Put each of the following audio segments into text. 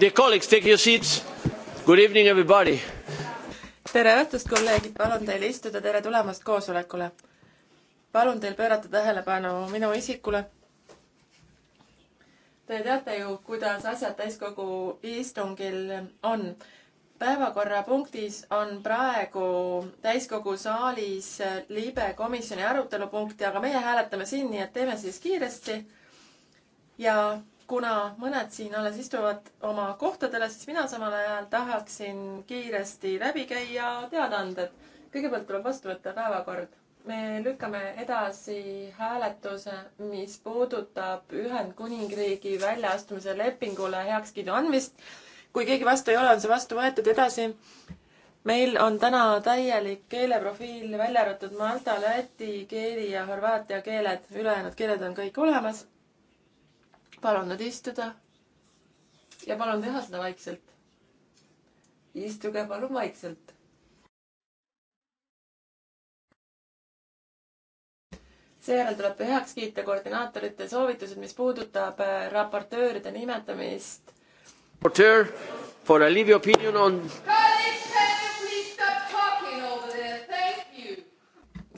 Dear colleagues, take your seats. Good evening, everybody. tere õhtust, kolleegid, palun teil istuda, tere tulemast koosolekule. palun teil pöörata tähelepanu minu isikule. Te teate ju, kuidas asjad täiskogu istungil on. päevakorrapunktis on praegu täiskogu saalis libe komisjoni arutelupunkti, aga meie hääletame siin, nii et teeme siis kiiresti. ja kuna mõned siin alles istuvad oma kohtadele, siis mina samal ajal tahaksin kiiresti läbi käia teadaanded. kõigepealt tuleb vastu võtta päevakord. me lükkame edasi hääletuse, mis puudutab Ühendkuningriigi väljaastumise lepingule heakskiidu andmist. kui keegi vastu ei ole, on see vastu võetud edasi. meil on täna täielik keeleprofiil, välja arvatud malta, läti keeli ja horvaatia keeled, ülejäänud keeled on kõik olemas palun nüüd istuda. ja palun teha seda vaikselt. istuge palun vaikselt. seejärel tuleb heaks kiita koordinaatorite soovitused, mis puudutab äh, raportööride nimetamist. Reporter for a live opinion on.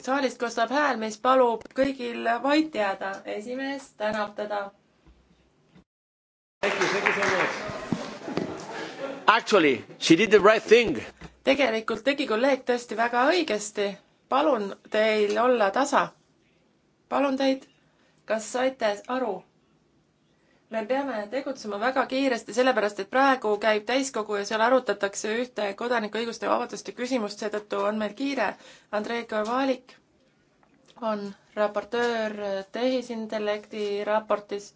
saalist kostab hääl, mis palub kõigil vait jääda. esimees tänab teda thank you so much. Actually, she did the right thing. tegelikult tegi kolleeg tõesti väga õigesti. palun teil olla tasa. palun teid, kas saite aru? me peame tegutsema väga kiiresti, sellepärast et praegu käib täiskogu ja seal arutatakse ühte kodanikuõiguste ja vabaduste küsimust, seetõttu on meil kiire. Andrei Kovalik on raportöör tehisintellekti raportis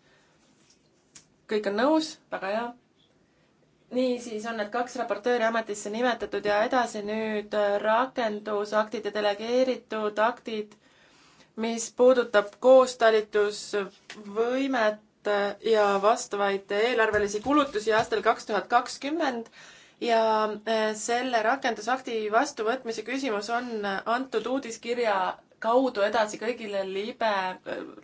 kõik on nõus, väga hea. niisiis on need kaks raportööri ametisse nimetatud ja edasi nüüd äh, rakendusaktid ja delegeeritud aktid, mis puudutab koostalitusvõimet äh, ja vastavaid eelarvelisi kulutusi aastal kaks tuhat kakskümmend ja äh, selle rakendusakti vastuvõtmise küsimus on antud uudiskirja kaudu edasi kõigile libe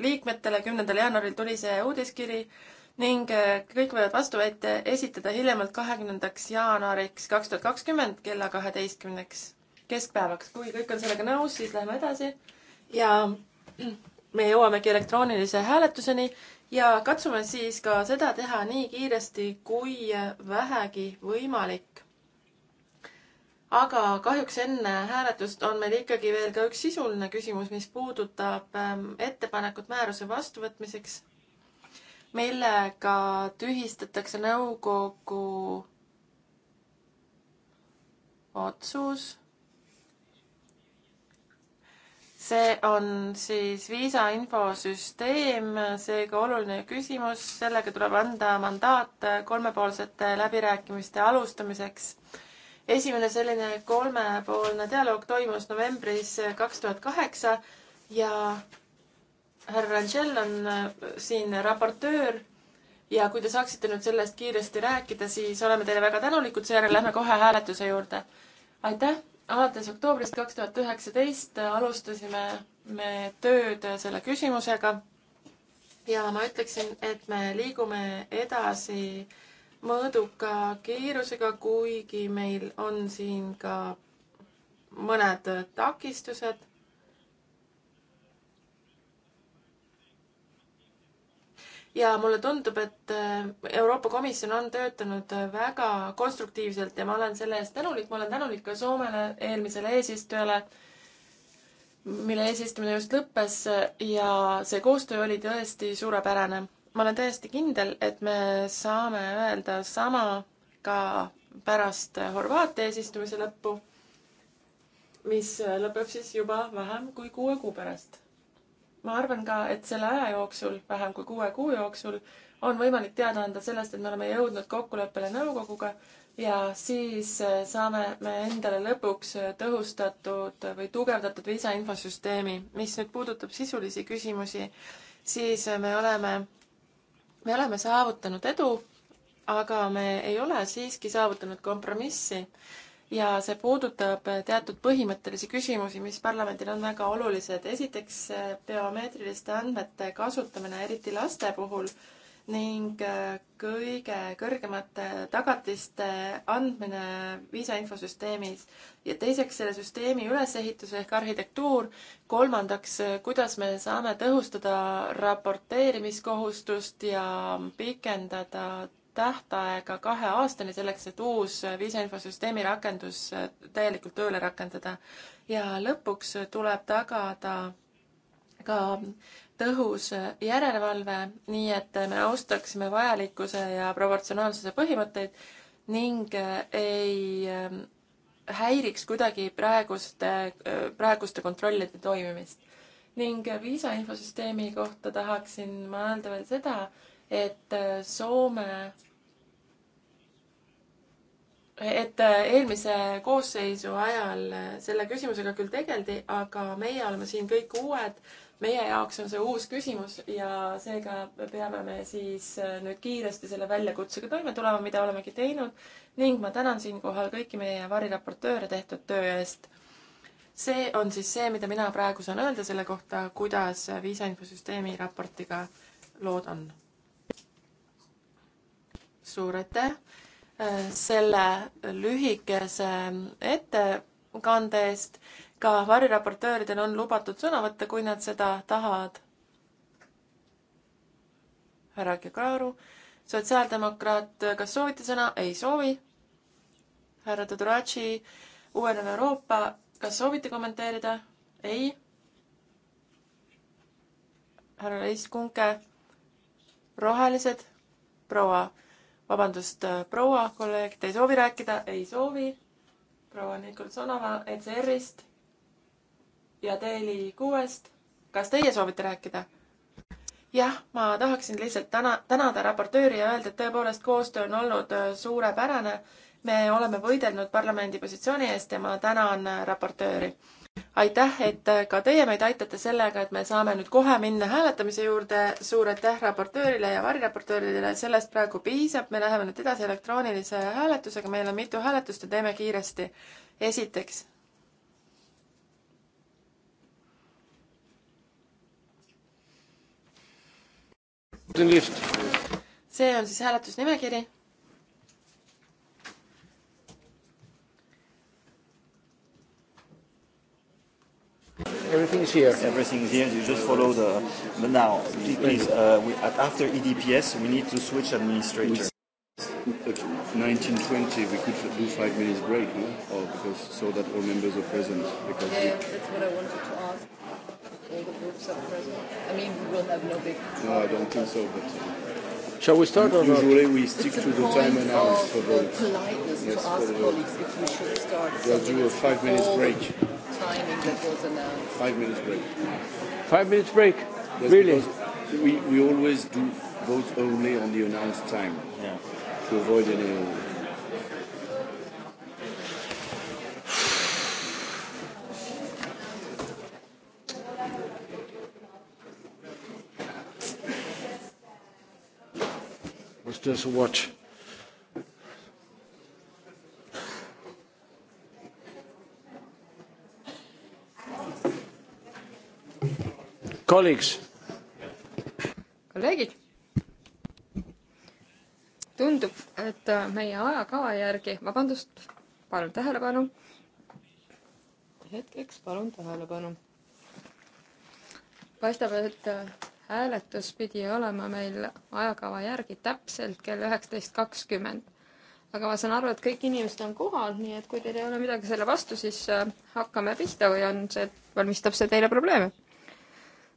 liikmetele. kümnendal jaanuaril tuli see uudiskiri ning äh, kõik võivad vastuväite esitada hiljemalt kahekümnendaks jaanuariks kaks tuhat kakskümmend kella kaheteistkümneks keskpäevaks. kui kõik on sellega nõus, siis läheme edasi ja me jõuamegi elektroonilise hääletuseni ja katsume siis ka seda teha nii kiiresti kui vähegi võimalik. aga kahjuks enne hääletust on meil ikkagi veel ka üks sisuline küsimus, mis puudutab ähm, ettepanekut määruse vastuvõtmiseks millega tühistatakse nõukogu otsus. see on siis viisainfosüsteem, seega oluline küsimus, sellega tuleb anda mandaat kolmepoolsete läbirääkimiste alustamiseks esimene selline kolmepoolne dialoog toimus novembris kaks tuhat kaheksa ja härra Rangel on äh, siin raportöör ja kui te saaksite nüüd sellest kiiresti rääkida, siis oleme teile väga tänulikud, seejärel lähme kohe hääletuse juurde. aitäh, alates oktoobrist kaks tuhat üheksateist alustasime me tööd selle küsimusega. ja ma ütleksin, et me liigume edasi mõõduka kiirusega, kuigi meil on siin ka mõned takistused ja mulle tundub, et äh, Euroopa Komisjon on töötanud äh, väga konstruktiivselt ja ma olen selle eest tänulik, ma olen tänulik ka Soomele, eelmisele eesistujale, mille eesistumine just lõppes äh, ja see koostöö oli tõesti suurepärane. ma olen täiesti kindel, et me saame öelda sama ka pärast Horvaatia eesistumise lõppu, mis lõpeb siis juba vähem kui kuue kuu pärast ma arvan ka, et selle aja jooksul, vähem kui kuue kuu jooksul, on võimalik teada anda sellest, et me oleme jõudnud kokkuleppele nõukoguga ja siis eh, saame me endale lõpuks eh, tõhustatud või tugevdatud viisainfosüsteemi. mis nüüd puudutab sisulisi küsimusi, siis me oleme, me oleme saavutanud edu, aga me ei ole siiski saavutanud kompromissi ja see puudutab teatud põhimõttelisi küsimusi, mis parlamendil on väga olulised. esiteks biomeetriliste andmete kasutamine, eriti laste puhul ning äh, kõige kõrgemate tagatiste andmine viisa infosüsteemis ja teiseks selle süsteemi ülesehitus ehk arhitektuur. kolmandaks, kuidas me saame tõhustada raporteerimiskohustust ja pikendada tähtaega kahe aastani selleks, et uus viisainfosüsteemi rakendus täielikult tööle rakendada. ja lõpuks tuleb tagada ka tõhus järelevalve, nii et me austaksime vajalikkuse ja proportsionaalsuse põhimõtteid ning ei ähm, häiriks kuidagi praeguste, äh, praeguste kontrollide toimimist. ning viisa infosüsteemi kohta tahaksin ma öelda veel seda, et äh, Soome et äh, eelmise koosseisu ajal äh, selle küsimusega küll tegeldi, aga meie oleme siin kõik uued, meie jaoks on see uus küsimus ja seega peame me siis nüüd kiiresti selle väljakutsega toime tulema, mida olemegi teinud ning ma tänan siinkohal kõiki meie variraportööre tehtud töö eest. see on siis see, mida mina praegu saan öelda selle kohta, kuidas viisa infosüsteemi raportiga lood on suur aitäh äh, selle lühikese ettekande eest. ka variraportööridel on lubatud sõna võtta, kui nad seda tahavad. härra Kekaru, sotsiaaldemokraat, kas soovite sõna? ei soovi. härra Tudoratši, uuenev Euroopa, kas soovite kommenteerida? ei. härra Leis Kunke, rohelised, proua vabandust, äh, proua kolleeg, te ei soovi rääkida? ei soovi. proua Nikolsonova ECR-ist ja Teeli kuuest. kas teie soovite rääkida? jah, ma tahaksin lihtsalt täna, tänada raportööri ja öelda, et tõepoolest koostöö on olnud äh, suurepärane. me oleme võidelnud parlamendi positsiooni eest ja ma tänan äh, raportööri aitäh, et äh, ka teie meid aitate sellega, et me saame nüüd kohe minna hääletamise juurde. suur aitäh raportöörile ja variraportööridele, sellest praegu piisab. me läheme nüüd edasi elektroonilise hääletusega, meil on mitu hääletust ja teeme kiiresti. esiteks. see on siis hääletusnimekiri everything is here. Everything is here. You just follow the. But now, please, uh, we, after EDPS, we need to switch administrator. At 1920, we could do five minutes break, no? Or oh, because so that all members are present. Because yeah, we, that's what I wanted to ask. All the groups are present. I mean, we will have no big. No, I don't think so, but. Uh, Shall we start or not? Usually we stick to the time announced for votes. politeness yes, to ask for the- colleagues if we should start. We'll so do a it's five minutes all break. Timing that was announced. Five minutes break. Five minutes break? Yes, Really? because We, we always do votes only on the announced time Yeah. to avoid any. just watch. Colleagues. kolleegid. tundub, et äh, meie ajakava järgi, vabandust, palun tähelepanu. hetkeks palun tähelepanu. paistab, et äh, hääletus pidi olema meil ajakava järgi täpselt kell üheksateist kakskümmend. aga ma saan aru, et kõik inimesed on kohal, nii et kui teil ei ole midagi selle vastu, siis äh, hakkame pihta või on see, valmistab see teile probleeme?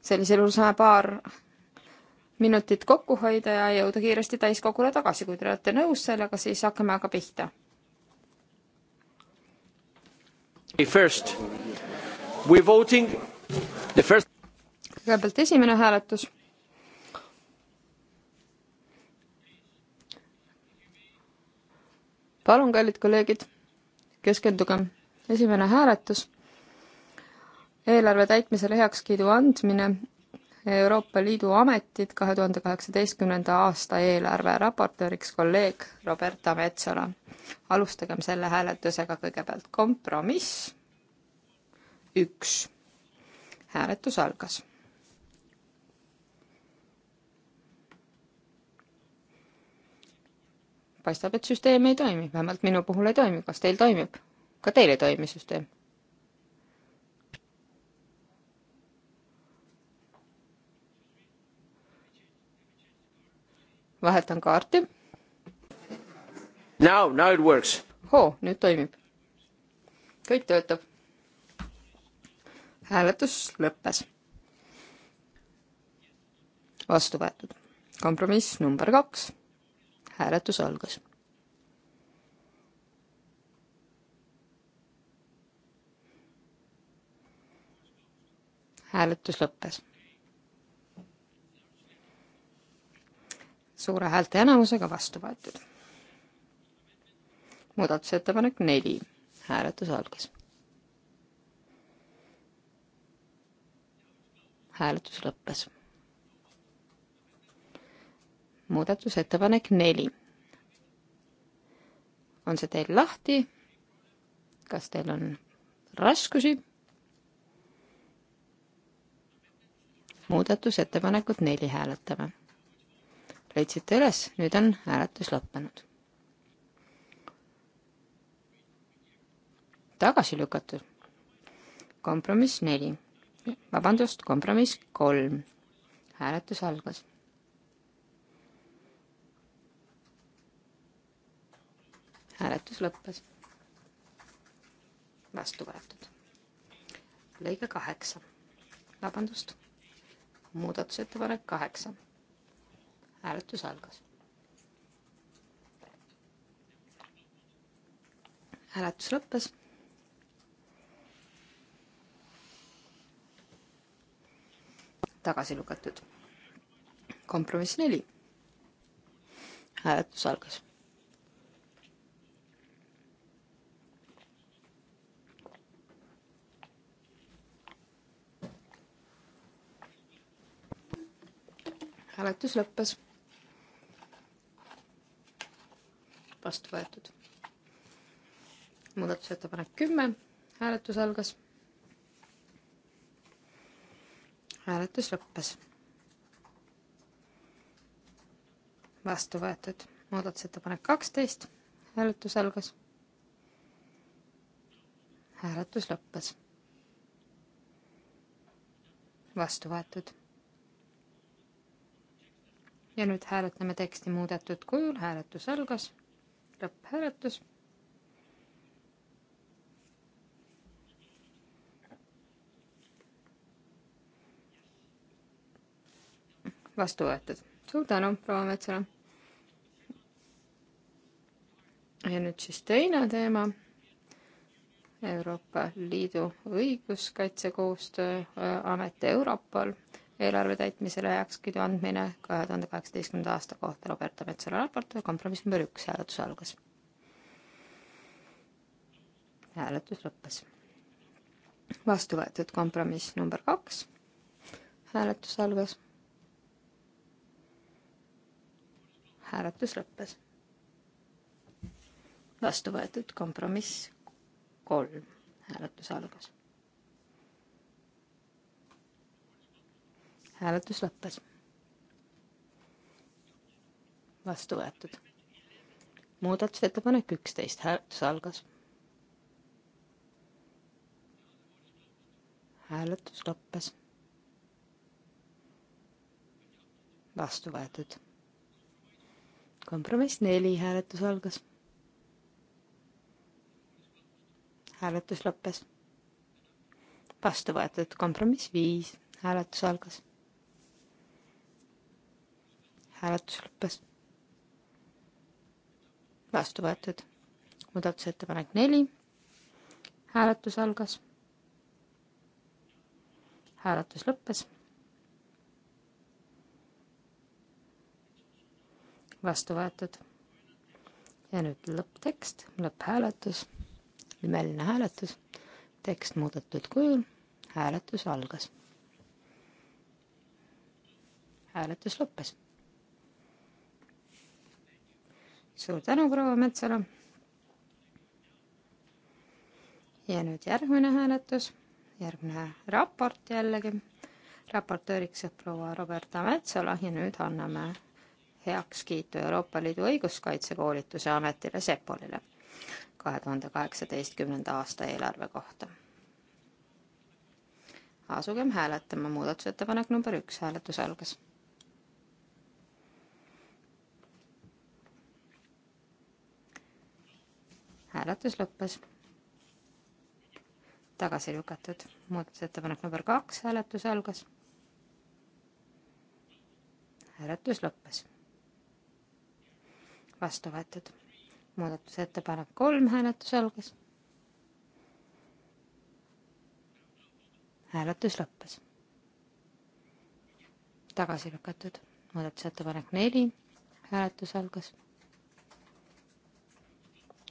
sellisel juhul saame paar minutit kokku hoida ja jõuda kiiresti täiskogule tagasi. kui te olete nõus sellega, siis hakkame aga pihta. First, we voting the first kõigepealt esimene hääletus. palun, kallid kolleegid, keskenduge. esimene hääletus. eelarve täitmisele heakskiidu andmine Euroopa Liidu ametid kahe tuhande kaheksateistkümnenda aasta eelarve raportööriks kolleeg Roberta Metsola. alustagem selle hääletusega kõigepealt kompromiss. üks. hääletus algas paistab, et süsteem ei toimi, vähemalt minu puhul ei toimi, kas teil toimib? ka teil ei toimi süsteem? vahetan kaarti. Now, now it works. hoo, nüüd toimib. kõik töötab. hääletus lõppes. vastu võetud. kompromiss number kaks hääletus algas hääletus lõppes. suure häälte enamusega vastu võetud. muudatusettepanek neli, hääletus algas. hääletus lõppes muudatusettepanek neli. on see teil lahti? kas teil on raskusi? muudatusettepanekut neli hääletame. leidsite üles, nüüd on hääletus lõppenud. tagasi lükatud. kompromiss neli, vabandust, kompromiss kolm. hääletus algas hääletus lõppes. vastu võetud. lõige kaheksa, vabandust, muudatusettepanek kaheksa. hääletus algas. hääletus lõppes tagasi lükatud. kompromiss neli. hääletus algas hääletus lõppes. vastu võetud. muudatusettepanek kümme, hääletus algas. hääletus lõppes. vastu võetud. muudatusettepanek kaksteist, hääletus algas. hääletus lõppes. vastu võetud ja nüüd hääletame teksti muudetud kujul, hääletus algas, lõpphääletus. vastu võetud, suur tänu, proua Metsala. ja nüüd siis teine teema. Euroopa Liidu õiguskaitsekoostöö äh, amet Europol eelarve täitmisele heakskiidu andmine kahe tuhande kaheksateistkümnenda aasta kohta Roberta Metsola raport ja kompromiss number üks hääletus algas. hääletus lõppes. vastu võetud kompromiss number kaks. hääletus algas. hääletus lõppes. vastu võetud kompromiss kolm. hääletus algas hääletus lõppes. vastu võetud. muudatusettepanek üksteist, hääletus algas. hääletus lõppes. vastu võetud. kompromiss neli, hääletus algas. hääletus lõppes. vastu võetud kompromiss viis, hääletus algas hääletus lõppes. vastu võetud. muudatusettepanek neli. hääletus algas. hääletus lõppes. vastu võetud. ja nüüd lõpptekst, lõpphääletus, nimeline hääletus, tekst muudetud kujul, hääletus algas. hääletus lõppes suur tänu, proua Metsala. ja nüüd järgmine hääletus, järgmine raport jällegi. raportööriks saab proua Roberta Metsola ja nüüd anname heakskiitu Euroopa Liidu õiguskaitsekoolituse ametile Sepolile kahe tuhande kaheksateistkümnenda aasta eelarve kohta. asugem hääletama, muudatusettepanek number üks, hääletus algas hääletus lõppes. tagasi lükatud. muudatusettepanek number kaks, hääletus algas. hääletus lõppes. vastu võetud. muudatusettepanek kolm, hääletus algas. hääletus lõppes. tagasi lükatud. muudatusettepanek neli, hääletus algas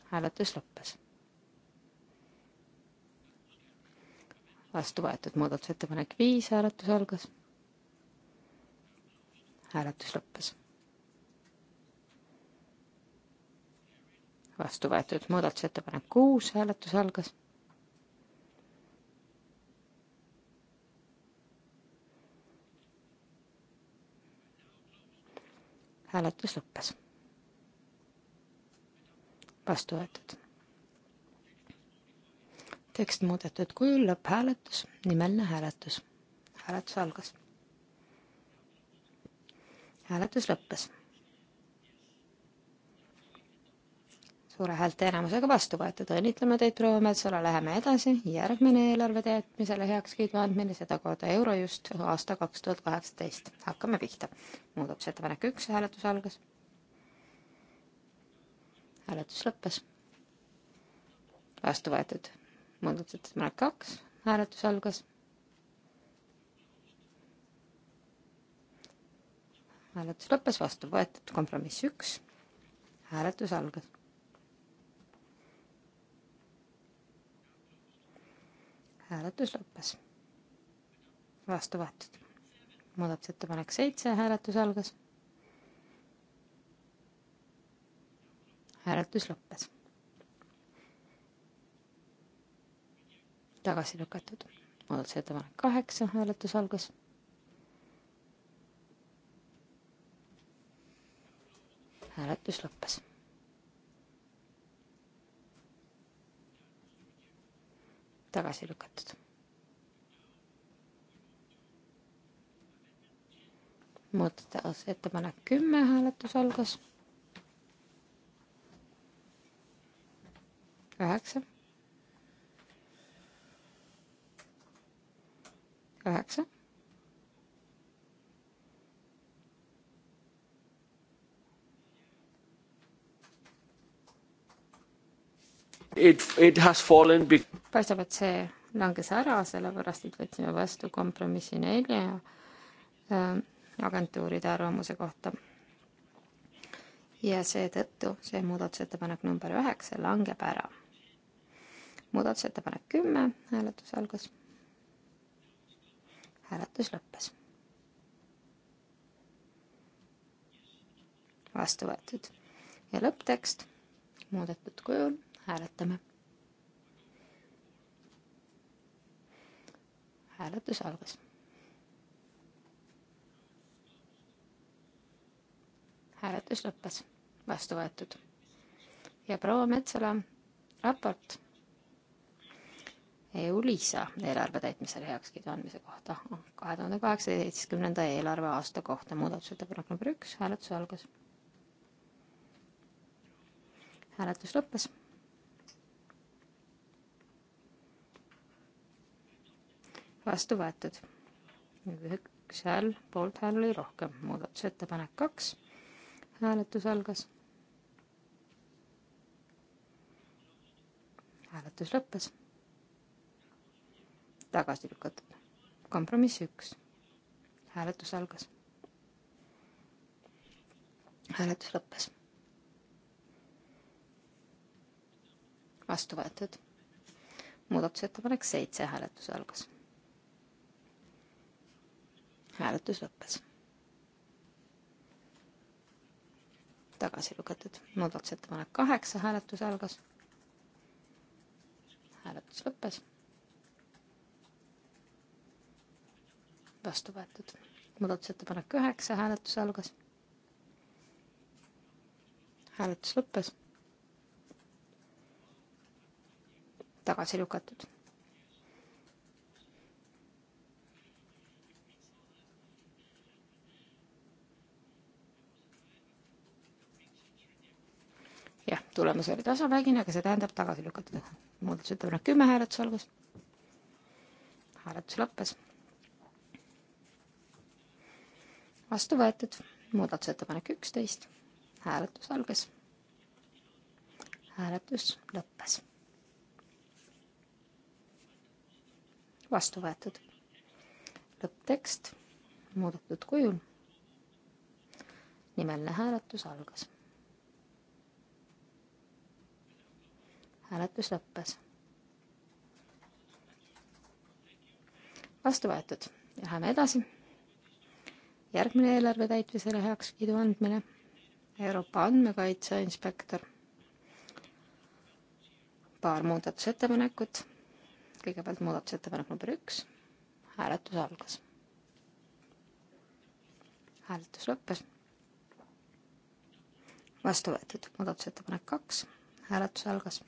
hääletus lõppes. vastu võetud muudatusettepanek viis, hääletus algas. hääletus lõppes. vastu võetud muudatusettepanek kuus, hääletus algas. hääletus lõppes vastu võetud. tekst muudetud kujul, lõpphääletus, nimeline hääletus. hääletus algas. hääletus lõppes. suure häälteenamusega vastu võetud, õnnitleme teid, proua Metsala, läheme edasi, järgmine eelarve täitmisele heakskiidu andmine, sedakorda Eurojust aasta kaks tuhat kaheksateist. hakkame pihta. muudatusettepanek üks, hääletus algas hääletus lõppes. vastu võetud muudatusettepanek kaks, hääletus algas. hääletus lõppes, vastu võetud kompromiss üks, hääletus algas. hääletus lõppes, vastu võetud muudatusettepanek seitse, hääletus algas hääletus lõppes. tagasi lükatud, muudatusettepanek kaheksa, hääletus algas. hääletus lõppes. tagasi lükatud. muudatusettepanek kümme, hääletus algas üheksa, üheksa, It, it has fallen be-. paistab, et see langes ära, sellepärast et võtsime vastu kompromissi nelja äh, agentuuride arvamuse kohta. ja seetõttu see muudatusettepanek number üheksa langeb ära muudatusettepanek kümme, hääletus algas. hääletus lõppes. vastu võetud ja lõpptekst muudetud kujul hääletame. hääletus algas. hääletus lõppes, vastu võetud. ja proua Metsala raport EU-LISA eelarve täitmisele heakskiidu andmise kohta ah, kahe tuhande kaheksateistkümnenda eelarveaasta kohta. muudatusettepanek number üks, hääletus algas. hääletus lõppes. vastu võetud. üks hääl, poolt hääl oli rohkem. muudatusettepanek kaks, hääletus algas. hääletus lõppes tagasi lükatud. kompromiss üks. hääletus algas. hääletus lõppes. vastu võetud. muudatusettepanek seitse, hääletus algas. hääletus lõppes. tagasi lükatud. muudatusettepanek kaheksa, hääletus algas. hääletus lõppes vastu võetud. muudatusettepanek üheksa, hääletus algas. hääletus lõppes. tagasi lükatud. jah, tulemus oli tasavägine, aga see tähendab tagasi lükatud. muudatusettepanek kümme hääletus algas. hääletus lõppes vastu võetud, muudatusettepanek üksteist, hääletus algas. hääletus lõppes. vastu võetud. lõpptekst muudetud kujul. nimeline hääletus algas. hääletus lõppes. vastu võetud, läheme edasi järgmine eelarve täitmisele heakskiidu andmine, Euroopa Andmekaitse Inspektor, paar muudatusettepanekut, kõigepealt muudatusettepanek number üks, hääletus algas. hääletus lõppes. vastu võetud muudatusettepanek kaks, hääletus algas.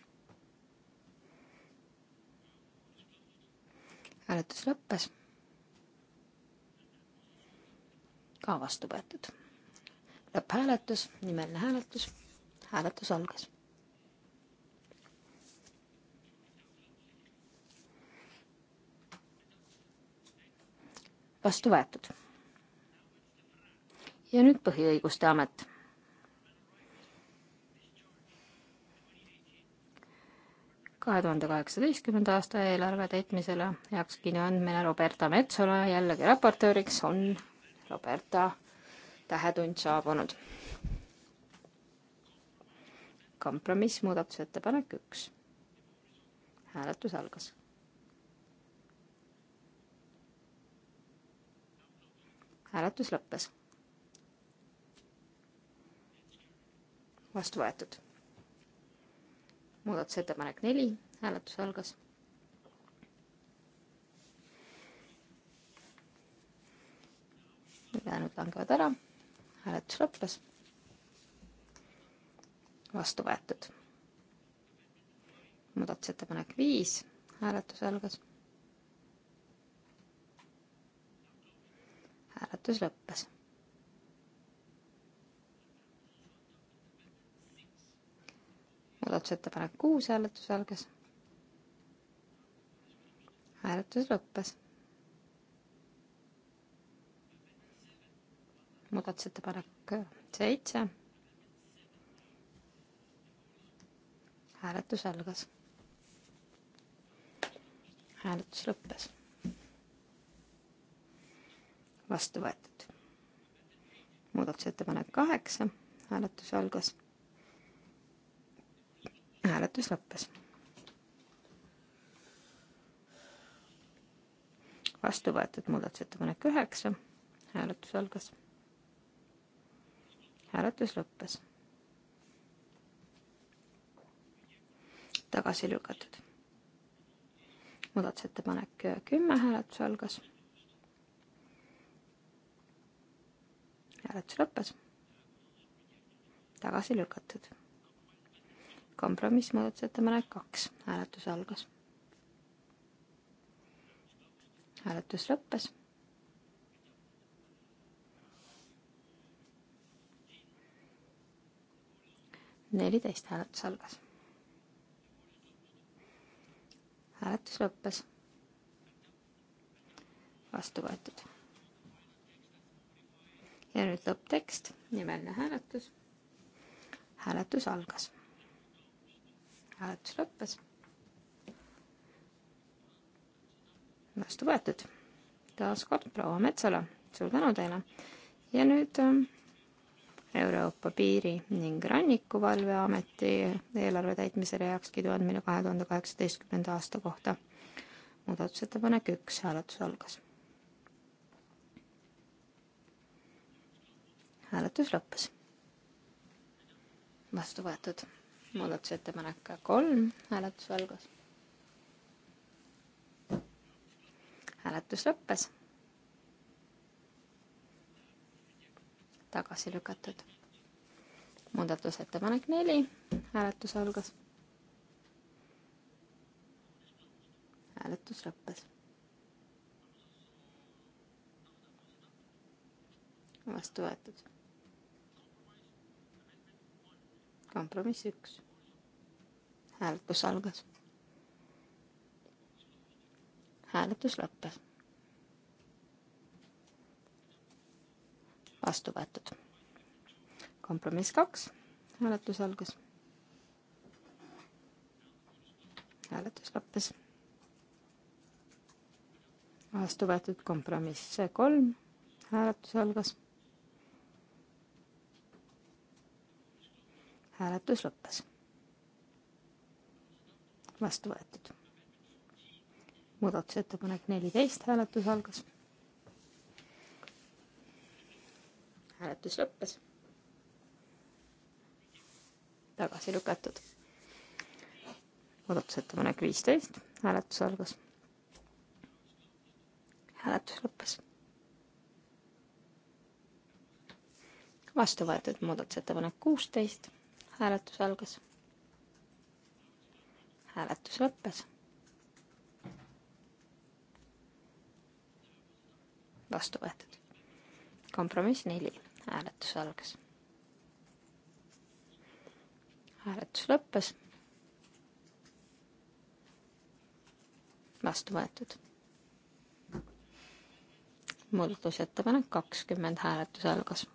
hääletus lõppes ka vastu võetud. lõpphääletus, nimeline hääletus, hääletus algas. vastu võetud. ja nüüd Põhiõiguste Amet kahe tuhande kaheksateistkümnenda aasta eelarve täitmisele heakskiidu andmine Roberta Metsola jällegi raportööriks on Roberta tähetund saabunud. kompromiss, muudatusettepanek üks. hääletus algas. hääletus lõppes. vastu võetud. muudatusettepanek neli, hääletus algas ülejäänud langevad ära. hääletus lõppes. vastu võetud. muudatusettepanek viis, hääletus algas. hääletus lõppes. muudatusettepanek kuus, hääletus algas. hääletus lõppes muudatusettepanek seitse. hääletus algas. hääletus lõppes. vastu võetud. muudatusettepanek kaheksa, hääletus algas. hääletus lõppes. vastu võetud muudatusettepanek üheksa, hääletus algas hääletus lõppes. tagasi lükatud. muudatusettepanek kümme hääletus algas. hääletus lõppes. tagasi lükatud. kompromiss muudatusettepanek kaks hääletus algas. hääletus lõppes neliteist hääletus algas. hääletus lõppes. vastu võetud. ja nüüd lõpptekst, nimeline hääletus. hääletus algas. hääletus lõppes. vastu võetud. taas kord proua Metsala, suur tänu teile. ja nüüd ähm, Euroopa Piiri- ning Rannikuvalveameti eelarve täitmisele heakskiidu andmine kahe tuhande kaheksateistkümnenda aasta kohta. muudatusettepanek üks, hääletus algas. hääletus lõppes. vastu võetud. muudatusettepanek kolm, hääletus algas. hääletus lõppes tagasi lükatud. muudatusettepanek neli, hääletus algas. hääletus lõppes. vastu võetud. kompromiss üks. hääletus algas. hääletus lõppes vastu võetud. kompromiss kaks, hääletus algas. hääletus lõppes. vastu võetud kompromiss kolm, hääletus algas. hääletus lõppes. vastu võetud. muudatusettepanek neliteist, hääletus algas hääletus lõppes. tagasi lükatud. muudatusettepanek viisteist, hääletus algas. hääletus lõppes. vastu võetud muudatusettepanek kuusteist, hääletus algas. hääletus lõppes vastu võetud. kompromiss neli, hääletus algas. hääletus lõppes. vastu võetud. muudatusettepanek kakskümmend, hääletus algas.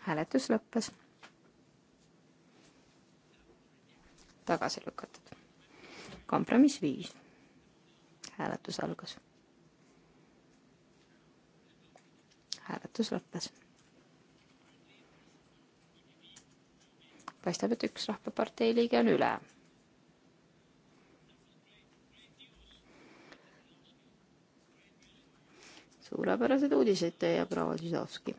hääletus lõppes. tagasi lükatud. kompromiss viis. hääletus algas hääletus lõppes. paistab, et üks Rahvapartei liige on üle. suurepärased uudised teie, proua Sisovski.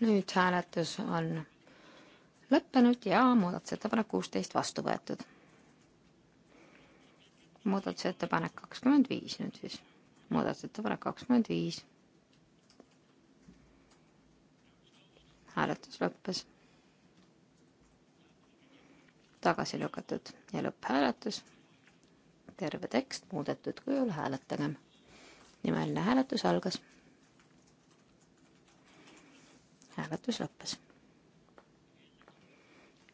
nüüd hääletus on lõppenud ja muudatusettepanek kuusteist vastu võetud muudatusettepanek kakskümmend viis nüüd siis, muudatusettepanek kakskümmend viis hääletus lõppes. tagasi lükatud ja lõpphääletus. terve tekst muudetud kujul hääletagem. nimeline hääletus algas. hääletus lõppes.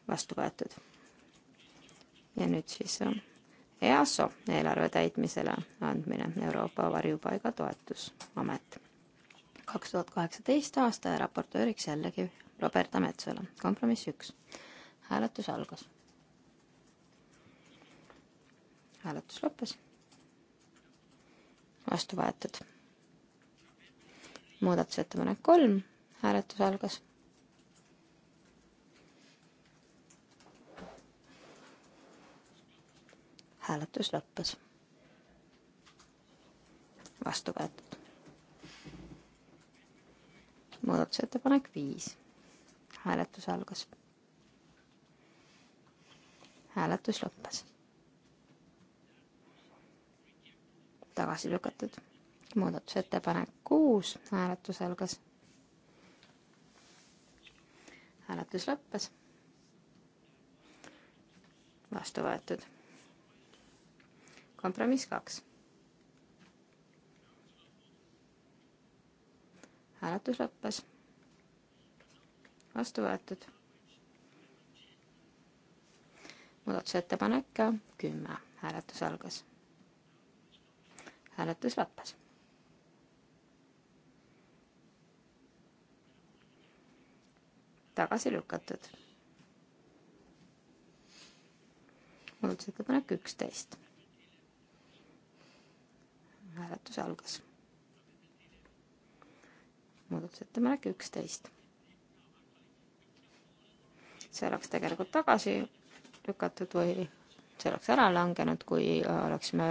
vastu võetud. ja nüüd siis äh, EASO eelarve täitmisele andmine Euroopa varjupaiga toetusamet. kaks tuhat kaheksateist aasta ja raportööriks jällegi Roberta Metsola. kompromiss üks. hääletus algas. hääletus lõppes. vastu võetud. muudatusettepanek kolm, hääletus algas. hääletus lõppes. vastu võetud muudatusettepanek viis hääletus algas. hääletus lõppes. tagasi lükatud. muudatusettepanek kuus, hääletus algas. hääletus lõppes. vastu võetud. kompromiss kaks hääletus lõppes vastu võetud. muudatusettepanek kümme, hääletus algas. hääletus lõppes. tagasi lükatud. muudatusettepanek üksteist. hääletus algas. muudatusettepanek üksteist see oleks tegelikult tagasi lükatud või see oleks ära langenud, kui äh, oleksime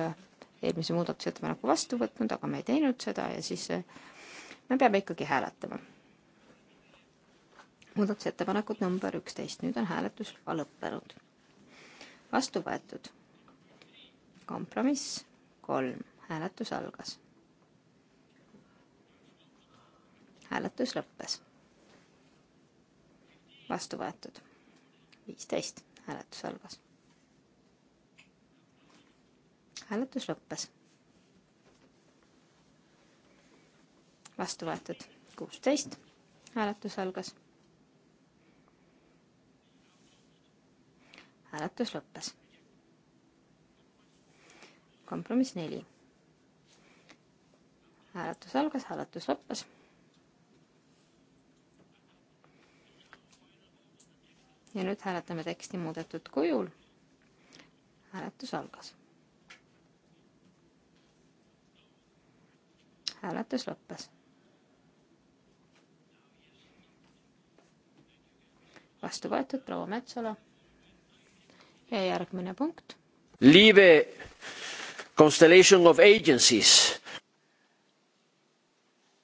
eelmise muudatusettepaneku vastu võtnud, aga me ei teinud seda ja siis äh, me peame ikkagi hääletama. muudatusettepanekud number üksteist, nüüd on hääletus juba lõppenud. vastu võetud. kompromiss kolm, hääletus algas. hääletus lõppes. vastu võetud viisteist, hääletus algas. hääletus lõppes. vastu võetud kuusteist, hääletus algas. hääletus lõppes. kompromiss neli. hääletus algas, hääletus lõppes ja nüüd hääletame teksti muudetud kujul. hääletus algas. hääletus lõppes. vastu võetud proua Metsola. ja järgmine punkt. Liive Constellation of Agencies.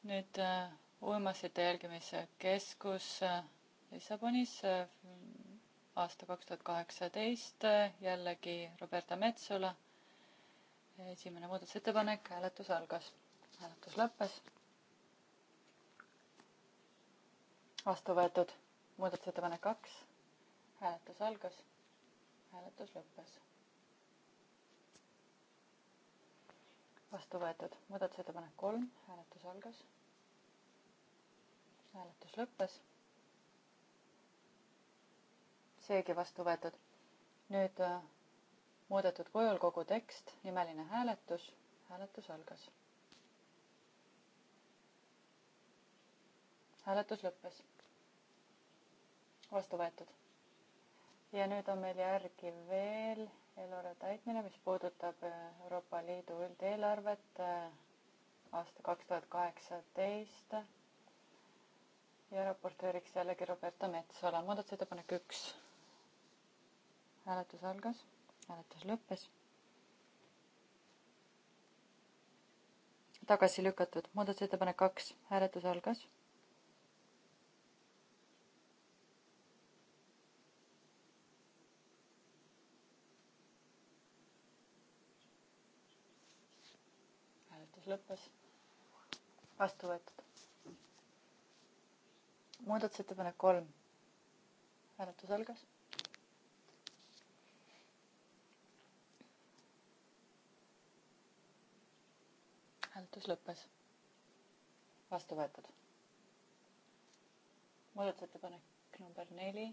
nüüd äh, uimasite jälgimiskeskus äh, Lissabonis äh, aasta kaks tuhat kaheksateist, jällegi Roberta Metsola. esimene muudatusettepanek, hääletus algas, hääletus lõppes. vastu võetud muudatusettepanek kaks, hääletus algas, hääletus lõppes. vastu võetud muudatusettepanek kolm, hääletus algas, hääletus lõppes seegi vastu võetud. nüüd äh, muudetud kujul kogu tekst, nimeline hääletus, hääletus algas. hääletus lõppes. vastu võetud. ja nüüd on meil järgi veel eelarve täitmine, mis puudutab äh, Euroopa Liidu üldeelarvet äh, aasta kaks tuhat kaheksateist ja raporteeriks jällegi Roberta Metsola, muudatusettepanek üks hääletus algas, hääletus lõppes. tagasi lükatud, muudatusettepanek kaks, hääletus algas. hääletus lõppes, vastu võetud. muudatusettepanek kolm, hääletus algas hääletus lõppes. vastu võetud. muudatusettepanek number neli,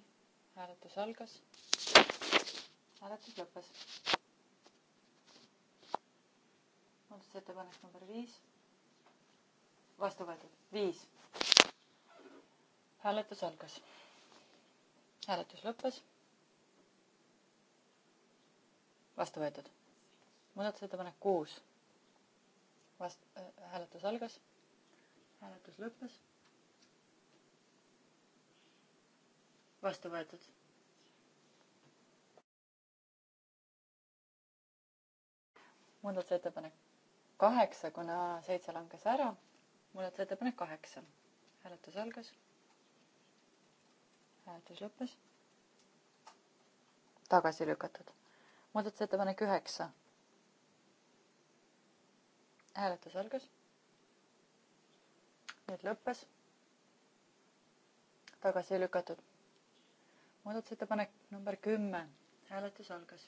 hääletus algas. hääletus lõppes. muudatusettepanek number viis, vastu võetud, viis. hääletus algas. hääletus lõppes. vastu võetud. muudatusettepanek kuus vast- äh,, hääletus algas, hääletus lõppes. vastu võetud. muudatusettepanek kaheksa, kuna seitse langes ära. muudatusettepanek kaheksa, hääletus algas. hääletus lõppes. tagasi lükatud. muudatusettepanek üheksa hääletus algas. nüüd lõppes. tagasi lükatud. muudatusettepanek number kümme, hääletus algas.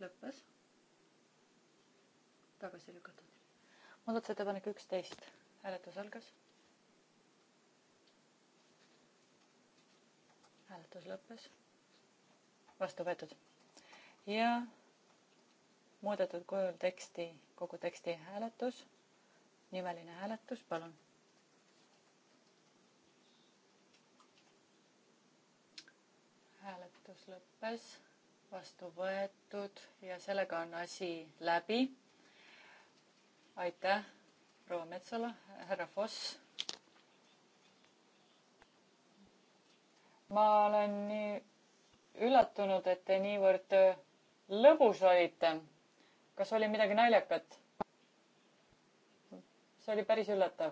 lõppes. tagasi lükatud. muudatusettepanek üksteist, hääletus algas. hääletus lõppes. vastu võetud ja muudetud kujul teksti, kogu teksti hääletus, nimeline hääletus, palun. hääletus lõppes, vastu võetud ja sellega on asi läbi. aitäh, proua Metsola, härra Foss. ma olen nii üllatunud, et te niivõrd lõbus olite kas oli midagi naljakat? see oli päris üllatav.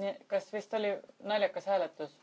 nii, kas vist oli naljakas hääletus?